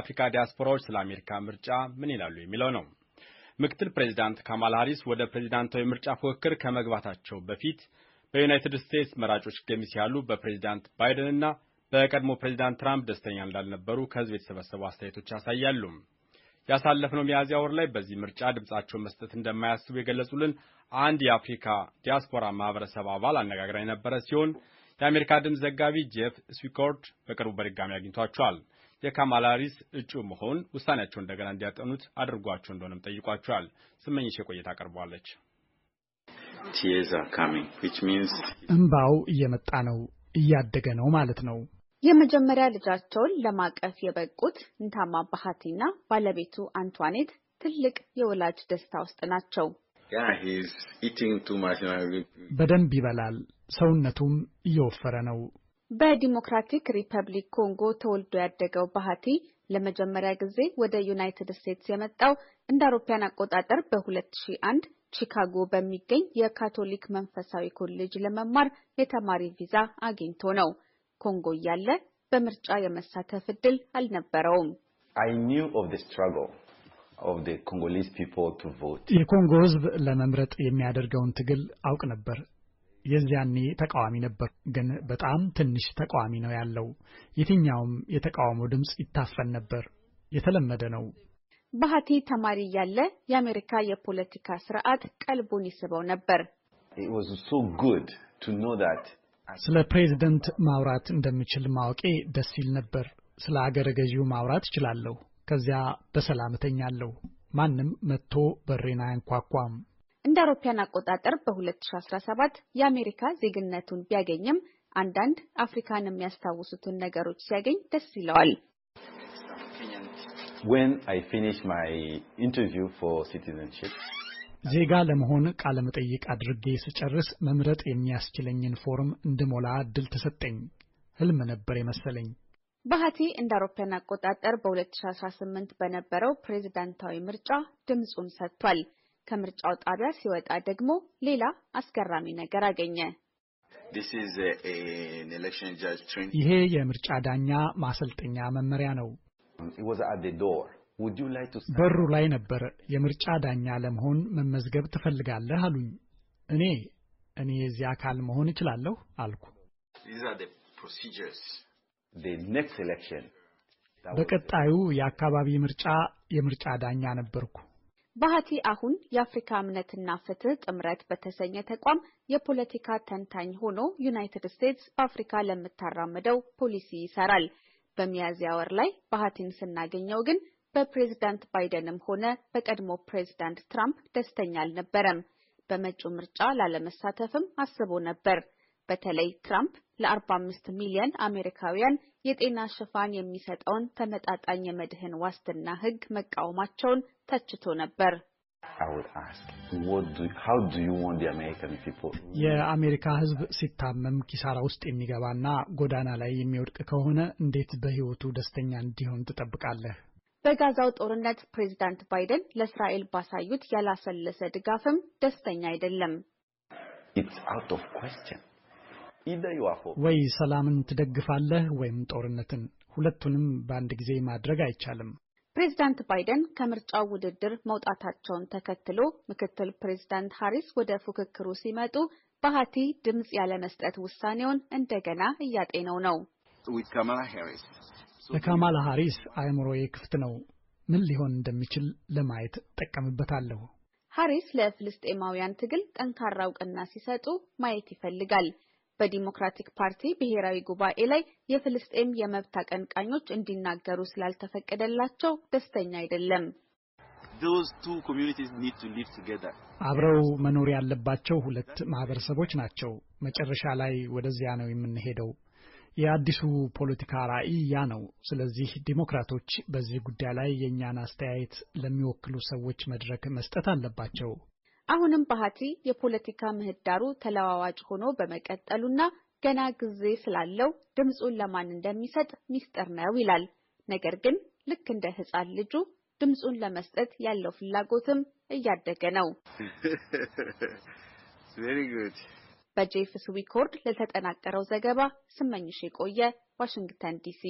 የአፍሪካ ዲያስፖራዎች ስለ አሜሪካ ምርጫ ምን ይላሉ የሚለው ነው። ምክትል ፕሬዚዳንት ካማል ሃሪስ ወደ ፕሬዚዳንታዊ ምርጫ ፉክክር ከመግባታቸው በፊት በዩናይትድ ስቴትስ መራጮች ገሚስ ያሉ በፕሬዚዳንት ባይደንና በቀድሞ ፕሬዚዳንት ትራምፕ ደስተኛ እንዳልነበሩ ከህዝብ የተሰበሰቡ አስተያየቶች ያሳያሉ። ያሳለፍነው ሚያዝያ ወር ላይ በዚህ ምርጫ ድምጻቸውን መስጠት እንደማያስቡ የገለጹልን አንድ የአፍሪካ ዲያስፖራ ማህበረሰብ አባል አነጋግራ የነበረ ሲሆን የአሜሪካ ድምፅ ዘጋቢ ጄፍ ስዊኮርድ በቅርቡ በድጋሚ አግኝቷቸዋል። የካማላ ሃሪስ እጩ መሆን ውሳኔያቸው እንደገና እንዲያጠኑት አድርጓቸው እንደሆነም ጠይቋቸዋል። ስመኝሽ የቆየት አቀርበዋለች። እምባው እየመጣ ነው፣ እያደገ ነው ማለት ነው። የመጀመሪያ ልጃቸውን ለማቀፍ የበቁት እንታማ ባሃቲና ባለቤቱ አንቷኔት ትልቅ የወላጅ ደስታ ውስጥ ናቸው። በደንብ ይበላል፣ ሰውነቱም እየወፈረ ነው። በዲሞክራቲክ ሪፐብሊክ ኮንጎ ተወልዶ ያደገው ባህቲ ለመጀመሪያ ጊዜ ወደ ዩናይትድ ስቴትስ የመጣው እንደ አውሮፓያን አቆጣጠር በ2001 ቺካጎ በሚገኝ የካቶሊክ መንፈሳዊ ኮሌጅ ለመማር የተማሪ ቪዛ አግኝቶ ነው። ኮንጎ እያለ በምርጫ የመሳተፍ እድል አልነበረውም። የኮንጎ ሕዝብ ለመምረጥ የሚያደርገውን ትግል አውቅ ነበር። የዚያኔ ተቃዋሚ ነበር፣ ግን በጣም ትንሽ ተቃዋሚ ነው ያለው። የትኛውም የተቃውሞ ድምፅ ይታፈን ነበር። የተለመደ ነው። ባህቲ ተማሪ እያለ የአሜሪካ የፖለቲካ ስርዓት ቀልቡን ይስበው ነበር። ስለ ፕሬዚደንት ማውራት እንደምችል ማወቄ ደስ ይል ነበር። ስለ አገረ ገዢው ማውራት እችላለሁ። ከዚያ በሰላም እተኛለሁ። ማንም መጥቶ በሬን አያንኳኳም። እንደ አውሮፓያን አቆጣጠር በ2017 የአሜሪካ ዜግነቱን ቢያገኝም አንዳንድ አፍሪካን የሚያስታውሱትን ነገሮች ሲያገኝ ደስ ይለዋል። ዜጋ ለመሆን ቃለ መጠይቅ አድርጌ ስጨርስ መምረጥ የሚያስችለኝን ፎርም እንድሞላ እድል ተሰጠኝ። ህልም ነበር የመሰለኝ። ባህቲ እንደ አውሮፓን አቆጣጠር በ2018 በነበረው ፕሬዝዳንታዊ ምርጫ ድምጹን ሰጥቷል። ከምርጫው ጣቢያ ሲወጣ ደግሞ ሌላ አስገራሚ ነገር አገኘ። ይሄ የምርጫ ዳኛ ማሰልጠኛ መመሪያ ነው። በሩ ላይ ነበር። የምርጫ ዳኛ ለመሆን መመዝገብ ትፈልጋለህ አሉኝ። እኔ እኔ የዚህ አካል መሆን እችላለሁ አልኩ። በቀጣዩ የአካባቢ ምርጫ የምርጫ ዳኛ ነበርኩ። ባህቲ አሁን የአፍሪካ እምነትና ፍትህ ጥምረት በተሰኘ ተቋም የፖለቲካ ተንታኝ ሆኖ ዩናይትድ ስቴትስ በአፍሪካ ለምታራምደው ፖሊሲ ይሰራል። በሚያዝያ ወር ላይ ባህቲን ስናገኘው ግን በፕሬዝዳንት ባይደንም ሆነ በቀድሞ ፕሬዝዳንት ትራምፕ ደስተኛ አልነበረም። በመጪው ምርጫ ላለመሳተፍም አስቦ ነበር። በተለይ ትራምፕ ለ45 ሚሊዮን አሜሪካውያን የጤና ሽፋን የሚሰጠውን ተመጣጣኝ የመድህን ዋስትና ሕግ መቃወማቸውን ተችቶ ነበር። የአሜሪካ ሕዝብ ሲታመም ኪሳራ ውስጥ የሚገባና ጎዳና ላይ የሚወድቅ ከሆነ እንዴት በሕይወቱ ደስተኛ እንዲሆን ትጠብቃለህ? በጋዛው ጦርነት ፕሬዝዳንት ባይደን ለእስራኤል ባሳዩት ያላሰለሰ ድጋፍም ደስተኛ አይደለም። ወይ ሰላምን ትደግፋለህ ወይም ጦርነትን። ሁለቱንም በአንድ ጊዜ ማድረግ አይቻልም። ፕሬዚዳንት ባይደን ከምርጫው ውድድር መውጣታቸውን ተከትሎ ምክትል ፕሬዚዳንት ሃሪስ ወደ ፉክክሩ ሲመጡ በሀቲ ድምፅ ያለመስጠት ውሳኔውን እንደገና እያጤነው ነው። ለካማላ ሃሪስ አእምሮዬ ክፍት ነው። ምን ሊሆን እንደሚችል ለማየት እጠቀምበታለሁ። ሃሪስ ለፍልስጤማውያን ትግል ጠንካራ እውቅና ሲሰጡ ማየት ይፈልጋል። በዲሞክራቲክ ፓርቲ ብሔራዊ ጉባኤ ላይ የፍልስጤም የመብት አቀንቃኞች እንዲናገሩ ስላልተፈቀደላቸው ደስተኛ አይደለም። አብረው መኖር ያለባቸው ሁለት ማህበረሰቦች ናቸው። መጨረሻ ላይ ወደዚያ ነው የምንሄደው። የአዲሱ ፖለቲካ ራዕይ ያ ነው። ስለዚህ ዲሞክራቶች በዚህ ጉዳይ ላይ የእኛን አስተያየት ለሚወክሉ ሰዎች መድረክ መስጠት አለባቸው። አሁንም በሐቲ የፖለቲካ ምህዳሩ ተለዋዋጭ ሆኖ በመቀጠሉና ገና ጊዜ ስላለው ድምፁን ለማን እንደሚሰጥ ምስጢር ነው ይላል። ነገር ግን ልክ እንደ ህፃን ልጁ ድምፁን ለመስጠት ያለው ፍላጎትም እያደገ ነው። በጄፍስ ዊኮርድ ለተጠናቀረው ዘገባ ስመኝሽ የቆየ ዋሽንግተን ዲሲ